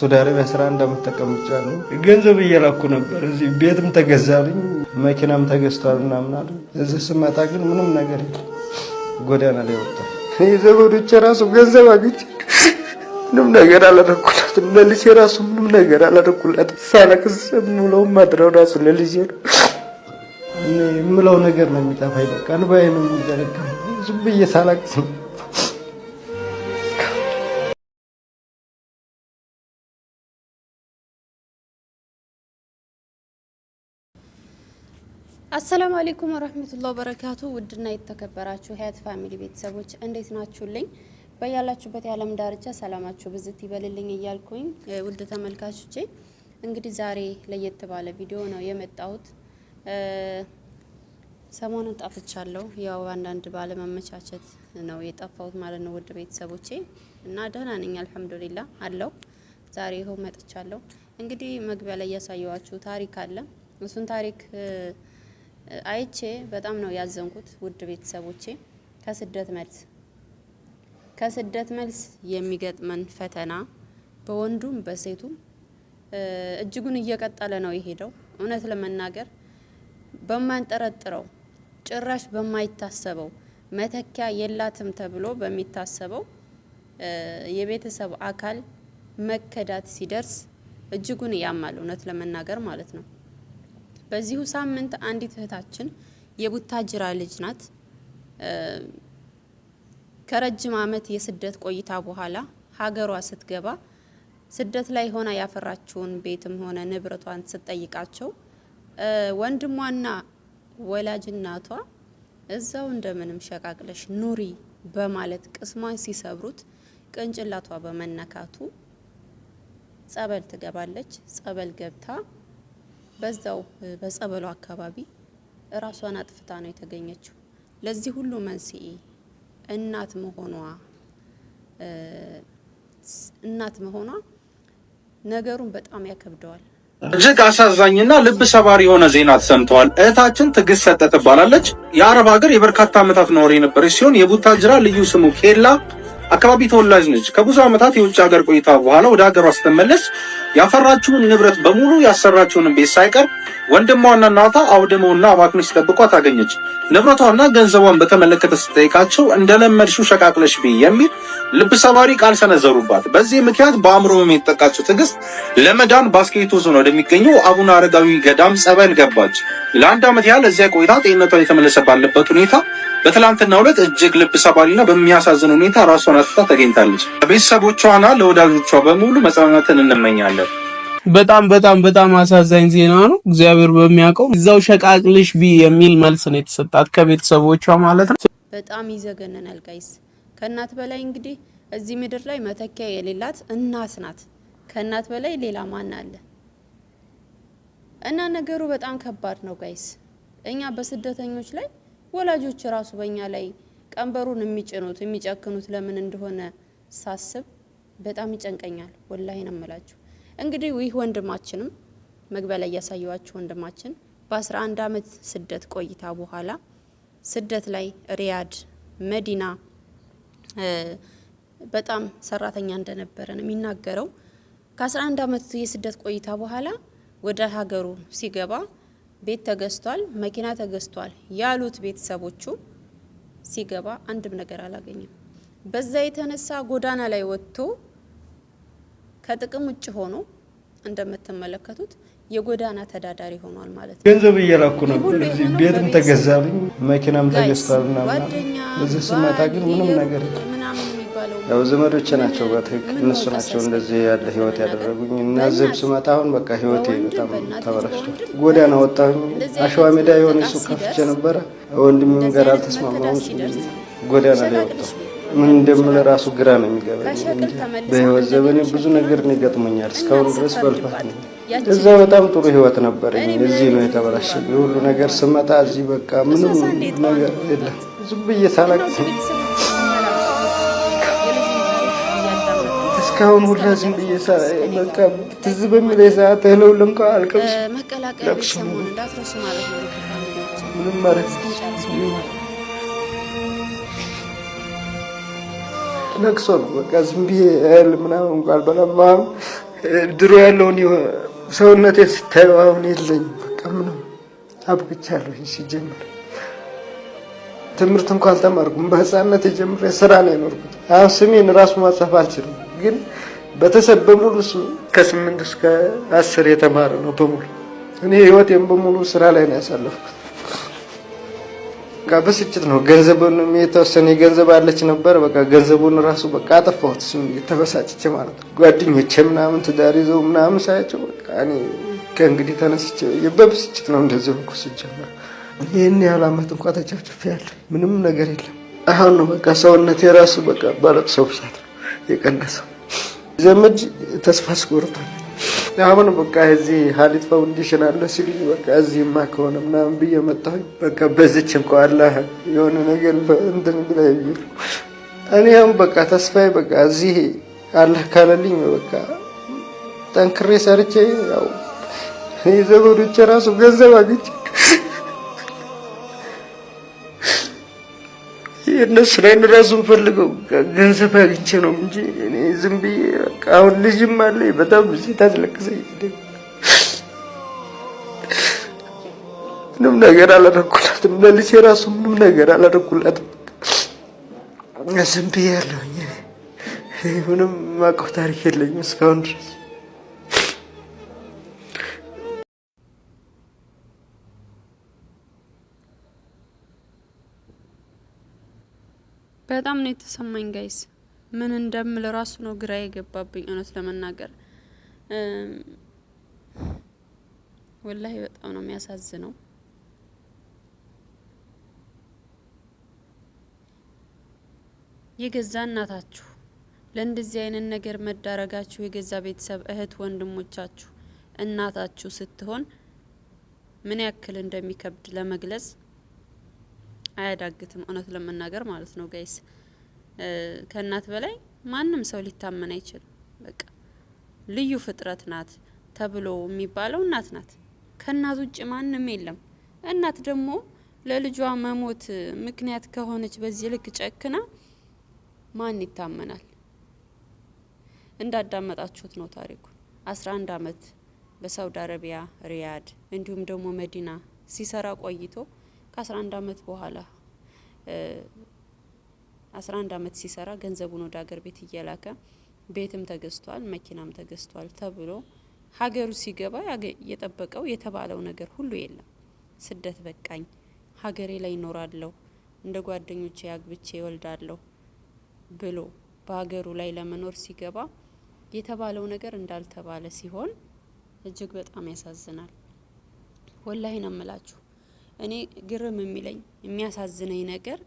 ሱዳን አረቢያ ስራ እንደምጠቀም ብቻለሁ። ገንዘብ እየላኩ ነበር። እዚህ ቤትም ተገዛልኝ፣ መኪናም ተገዝቷል ምናምን አለ። እዚህ ስመጣ ግን ምንም ነገር የለም። ጎዳና ላይ ወጣል። ዘመዶቼ ራሱ ገንዘብ አግኝቼ ምንም ነገር አላደረኩላትም። ለልጄ ራሱ ምንም ነገር አላደረኩላትም። ሳለቅስ የምውለው ማድረው ራሱ ለልጄ ነው። እኔ የምለው ነገር ነው የሚጠፋኝ። በቃ እንባዬ ነው የሚዘረጋ። ዝም ብዬ ሳላቅስ ነው አሰላሙ አሌይኩም ወረህመቱላህ በረካቱ ውድና የተከበራችሁ ሀያት ፋሚሊ ቤተሰቦች እንዴት ናችሁልኝ? በያላችሁበት የዓለም ዳርቻ ሰላማችሁ ብዝት ይበልልኝ እያልኩኝ ውድ ተመልካቾቼ እንግዲህ ዛሬ ለየት ባለ ቪዲዮ ነው የመጣሁት። ሰሞኑን ጠፍቻለሁ። ያው አንዳንድ ባለመመቻቸት ነው የጠፋሁት ማለት ነው ውድ ቤተሰቦቼ እና ደህና ነኝ አልሐምዱሊላ አለው። ዛሬ ይኸው መጥቻለሁ። እንግዲህ መግቢያ ላይ እያሳየዋችሁ ታሪክ አለ እሱን ታሪክ አይቼ በጣም ነው ያዘንኩት። ውድ ቤተሰቦቼ ከስደት መልስ ከስደት መልስ የሚገጥመን ፈተና በወንዱም በሴቱም እጅጉን እየቀጠለ ነው የሄደው። እውነት ለመናገር በማንጠረጥረው ጭራሽ በማይታሰበው መተኪያ የላትም ተብሎ በሚታሰበው የቤተሰብ አካል መከዳት ሲደርስ እጅጉን ያማል። እውነት ለመናገር ማለት ነው። በዚሁ ሳምንት አንዲት እህታችን የቡታጅራ ልጅ ናት። ከረጅም ዓመት የስደት ቆይታ በኋላ ሀገሯ ስትገባ ስደት ላይ ሆና ያፈራችውን ቤትም ሆነ ንብረቷን ስትጠይቃቸው ወንድሟና ወላጅ እናቷ እዛው እንደምንም ሸቃቅለሽ ኑሪ በማለት ቅስሟን ሲሰብሩት ቅንጭላቷ በመነካቱ ጸበል ትገባለች። ጸበል ገብታ በዛው በጸበሉ አካባቢ እራሷን አጥፍታ ነው የተገኘችው። ለዚህ ሁሉ መንስኤ እናት መሆኗ እናት መሆኗ ነገሩን በጣም ያከብደዋል። እጅግ አሳዛኝና ልብ ሰባሪ የሆነ ዜና ተሰምተዋል። እህታችን ትዕግስት ሰጠ ትባላለች። የአረብ ሀገር የበርካታ ዓመታት ነዋሪ የነበረች ሲሆን የቡታጅራ ልዩ ስሙ ኬላ አካባቢ ተወላጅ ነች። ከብዙ ዓመታት የውጭ ሀገር ቆይታ በኋላ ወደ ሀገሯ ስትመለስ ያፈራችውን ንብረት በሙሉ ያሰራችውን ቤት ሳይቀር ወንድሟና እናቷ አውድመውና አባክኖ ሲጠብቋ ታገኘች። ንብረቷና ገንዘቧን በተመለከተ ስትጠይቃቸው እንደለመድሹ ሸቃቅለሽ ቢ የሚል ልብ ሰባሪ ቃል ሰነዘሩባት። በዚህ ምክንያት በአእምሮ የተጠቃችው ትዕግስት ለመዳን ባስኬቶ ዞን ወደሚገኘው አቡነ አረጋዊ ገዳም ጸበል ገባች። ለአንድ ዓመት ያህል እዚያ ቆይታ ጤንነቷን የተመለሰ ባለበት ሁኔታ በትላንትና ዕለት እጅግ ልብ ሰባሪና በሚያሳዝን ሁኔታ ራሷን አጥፍታ ተገኝታለች። ለቤተሰቦቿና ለወዳጆቿ በሙሉ መጽናናትን እንመኛለን። በጣም በጣም በጣም አሳዛኝ ዜና ነው። እግዚአብሔር በሚያውቀው እዛው ሸቃቅልሽ ቢ የሚል መልስ ነው የተሰጣት ከቤተሰቦቿ ማለት ነው። በጣም ይዘገነናል ጋይስ። ከእናት በላይ እንግዲህ እዚህ ምድር ላይ መተኪያ የሌላት እናት ናት። ከእናት በላይ ሌላ ማን አለ? እና ነገሩ በጣም ከባድ ነው ጋይስ። እኛ በስደተኞች ላይ ወላጆች ራሱ በእኛ ላይ ቀንበሩን የሚጭኑት የሚጨክኑት ለምን እንደሆነ ሳስብ በጣም ይጨንቀኛል። ወላሂ ነው የምላችሁ። እንግዲህ ይህ ወንድማችንም መግቢያ ላይ እያሳየዋችሁ ወንድማችን በ11 ዓመት ስደት ቆይታ በኋላ ስደት ላይ ሪያድ መዲና በጣም ሰራተኛ እንደነበረ ነው የሚናገረው። ከ11 ዓመት የስደት ቆይታ በኋላ ወደ ሀገሩ ሲገባ ቤት ተገዝቷል፣ መኪና ተገዝቷል ያሉት ቤተሰቦቹ ሲገባ አንድም ነገር አላገኘም። በዛ የተነሳ ጎዳና ላይ ወጥቶ ከጥቅም ውጭ ሆኖ እንደምትመለከቱት የጎዳና ተዳዳሪ ሆኗል ማለት ነው። ገንዘብ እየላኩ ነው። ቤትም ተገዛልኝ፣ መኪናም ተገዝቷል። ጓደኛ እዚህ ስመጣ ግን ምንም ነገር ያው ዘመዶች ናቸው በትክክል እነሱ ናቸው እንደዚህ ያለ ህይወት ያደረጉኝ እና እዚህም ስመጣ አሁን በቃ ህይወቴ በጣም ተበላሽቷል። ጎዳና ወጣሁኝ። አሸዋ ሜዳ የሆነ እሱ ከፍቼ ነበረ። ወንድሜም ጋር አልተስማማሁም። ጎዳና ላይ ወጣሁ። ምን እንደምል ራሱ ግራ ነው የሚገባኝ። በህይወት ዘመኔ ብዙ ነገር ነው ይገጥሞኛል። እስካሁን ድረስ በልፋት ነው። እዛ በጣም ጥሩ ህይወት ነበረኝ። እዚህ ነው የተበላሸ የሁሉ ነገር። ስመጣ እዚህ በቃ ምንም ነገር የለም። ዝም ብዬ ሳላቅ እስካሁን ሁላ ዝም ብዬ በቃ ትዝ በሚል ሰዓት እህለውን ለምካ አልቀብስ ለቅሶ ምንም ማለት ለቅሶ ነው። በቃ ዝም ብዬ እህል ምናምን እንኳ አልበላም። አሁን ድሮ ያለውን ሰውነቴን ስታየው አሁን የለኝም። በቃ ምንም አብቅቻለሁ። ሲጀምር ትምህርት እንኳ አልተማርኩም። በህፃነት የጀምሬ ስራ ነው የኖርኩት። አሁን ስሜን ራሱ ማጻፍ አልችልም። ግን በተሰብ በሙሉ ከስምንት እስከ አስር የተማረ ነው በሙሉ። እኔ ህይወት በሙሉ ስራ ላይ ነው ያሳለፍኩት። በቃ ነው ገንዘቡን የተወሰነ ገንዘብ አለች ነበር። በቃ ገንዘቡን ራሱ በቃ አጠፋሁት፣ እሱም ተበሳጭቼ ማለት ነው። ጓደኞቼ ምናምን ትዳር ይዘው ምናምን ሳያቸው በቃ እኔ ከእንግዲህ ተነስቼ በብስጭት ነው እንደዚህ ሆንኩ። ስጀምር ይህን ያህል አመት እንኳ ያለ ምንም ነገር የለም። አሁን ነው በቃ ሰውነት የራሱ በቃ ባለቅሰው ብዛት የቀነሰው። ዘመድ ተስፋ አስቆርቷል። አሁን በቃ እዚህ ሀሊት ፋውንዴሽን አለ ሲሉኝ በቃ እዚህማ ከሆነ ምናምን ብዬ መጣሁኝ። በቃ በዚች እንኳ አለ የሆነ ነገር እንትን ላይ እኔም በቃ ተስፋዬ በቃ እዚህ አለ ካለልኝ በቃ ጠንክሬ ሰርቼ ያው የዘመዶቼ ራሱ ገንዘብ አግኝቼ እነሱ ላይ እራሱ ፈልገው ገንዘብ አግኝቼ ነው እንጂ እኔ ዝም ብዬ አሁን ልጅም አለ በጣም ሴት አስለቅሰኝ ምንም ነገር አላደረኩላትም። ለልጄ ራሱ ምንም ነገር አላደረኩላትም። ዝም ብዬ ያለሁኝ ምንም ማቀው ታሪክ የለኝም እስካሁን ድረስ በጣም ነው የተሰማኝ ጋይስ። ምን እንደምል ራሱ ነው ግራ የገባብኝ እውነት ለመናገር ወላሂ በጣም ነው የሚያሳዝነው። የገዛ እናታችሁ ለእንደዚህ አይነት ነገር መዳረጋችሁ የገዛ ቤተሰብ እህት ወንድሞቻችሁ እናታችሁ ስትሆን ምን ያክል እንደሚከብድ ለመግለጽ አያዳግትም። እውነት ለመናገር ማለት ነው ጋይስ፣ ከእናት በላይ ማንም ሰው ሊታመን አይችልም። በቃ ልዩ ፍጥረት ናት ተብሎ የሚባለው እናት ናት። ከእናት ውጭ ማንም የለም። እናት ደግሞ ለልጇ መሞት ምክንያት ከሆነች በዚህ ልክ ጨክና ማን ይታመናል? እንዳዳመጣችሁት ነው ታሪኩ። አስራ አንድ አመት በሳውዲ አረቢያ ሪያድ እንዲሁም ደግሞ መዲና ሲሰራ ቆይቶ ከ11 አመት በኋላ 11 ዓመት ሲሰራ ገንዘቡን ወደ ሀገር ቤት እየላከ ቤትም ተገዝቷል፣ መኪናም ተገዝቷል ተብሎ ሀገሩ ሲገባ የጠበቀው የተባለው ነገር ሁሉ የለም። ስደት በቃኝ፣ ሀገሬ ላይ ይኖራለሁ፣ እንደ ጓደኞቼ አግብቼ ይወልዳለሁ ብሎ በሀገሩ ላይ ለመኖር ሲገባ የተባለው ነገር እንዳልተባለ ሲሆን እጅግ በጣም ያሳዝናል። ወላሂ ነው እምላችሁ። እኔ ግርም የሚለኝ የሚያሳዝነኝ ነገር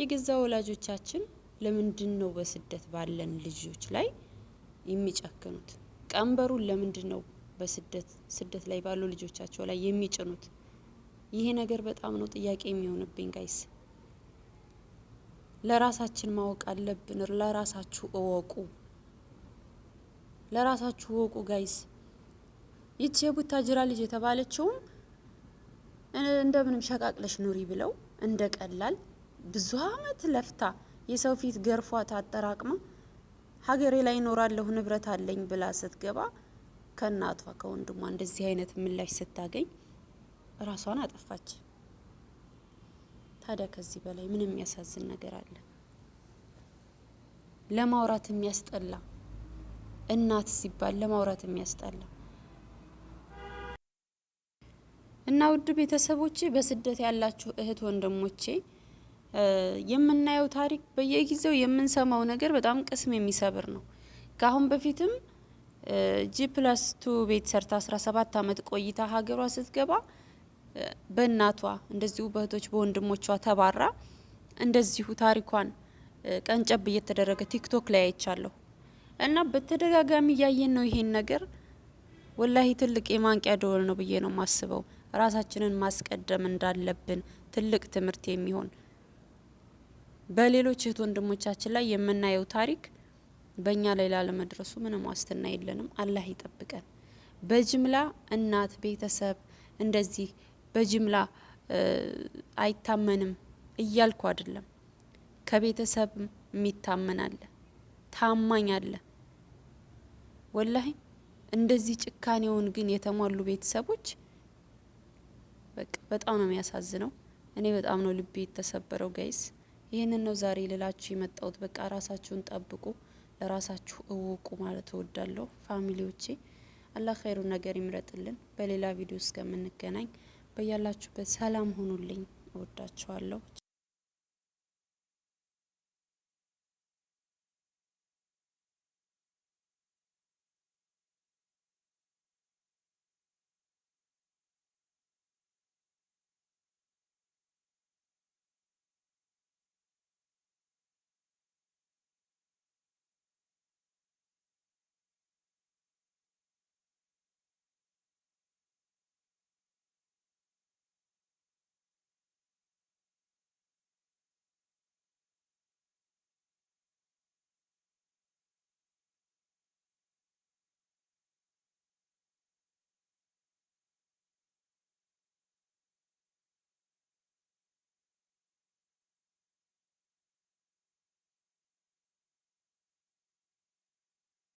የገዛ ወላጆቻችን ለምንድን ነው በስደት ባለን ልጆች ላይ የሚጨክኑት? ቀንበሩን ለምንድን ነው በስደት ስደት ላይ ባሉ ልጆቻቸው ላይ የሚጭኑት? ይሄ ነገር በጣም ነው ጥያቄ የሚሆንብኝ ጋይስ። ለራሳችን ማወቅ አለብን። ለራሳችሁ እወቁ፣ ለራሳችሁ እወቁ ጋይስ። ይቺ የቡታጅራ ልጅ የተባለችውም እንደምንም ሸቃቅለሽ ኑሪ ብለው እንደ ቀላል ብዙ አመት ለፍታ የሰው ፊት ገርፏ ታጠራቅማ ሀገሬ ላይ ኖራለሁ ንብረት አለኝ ብላ ስትገባ ከእናቷ ከወንድሟ እንደዚህ አይነት ምላሽ ስታገኝ ራሷን አጠፋች። ታዲያ ከዚህ በላይ ምን የሚያሳዝን ነገር አለ? ለማውራት የሚያስጠላ እናት ሲባል ለማውራት የሚያስጠላ እና ውድ ቤተሰቦቼ በስደት ያላችሁ እህት ወንድሞቼ የምናየው ታሪክ በየጊዜው የምንሰማው ነገር በጣም ቅስም የሚሰብር ነው። ከአሁን በፊትም ጂ ፕላስ ቱ ቤት ሰርታ 17 ዓመት ቆይታ ሀገሯ ስትገባ በእናቷ እንደዚሁ በእህቶች በወንድሞቿ ተባራ እንደዚሁ ታሪኳን ቀንጨብ እየተደረገ ቲክቶክ ላይ አይቻለሁ እና በተደጋጋሚ እያየን ነው ይሄን ነገር። ወላሂ ትልቅ የማንቂያ ደወል ነው ብዬ ነው ማስበው። ራሳችንን ማስቀደም እንዳለብን ትልቅ ትምህርት የሚሆን በሌሎች እህት ወንድሞቻችን ላይ የምናየው ታሪክ በእኛ ላይ ላለመድረሱ ምንም ዋስትና የለንም። አላህ ይጠብቀን። በጅምላ እናት ቤተሰብ እንደዚህ በጅምላ አይታመንም እያልኩ አይደለም። ከቤተሰብ የሚታመን አለ፣ ታማኝ አለ። ወላሂ እንደዚህ ጭካኔውን ግን የተሟሉ ቤተሰቦች በቃ በጣም ነው የሚያሳዝነው። እኔ በጣም ነው ልቤ የተሰበረው ጋይስ። ይህንን ነው ዛሬ ልላችሁ የመጣሁት። በቃ ራሳችሁን ጠብቁ፣ ለራሳችሁ እውቁ ማለት እወዳለሁ ፋሚሊዎቼ። አላህ ኸይሩን ነገር ይምረጥልን። በሌላ ቪዲዮ እስከምንገናኝ በያላችሁበት ሰላም ሆኑልኝ። እወዳችኋለሁ።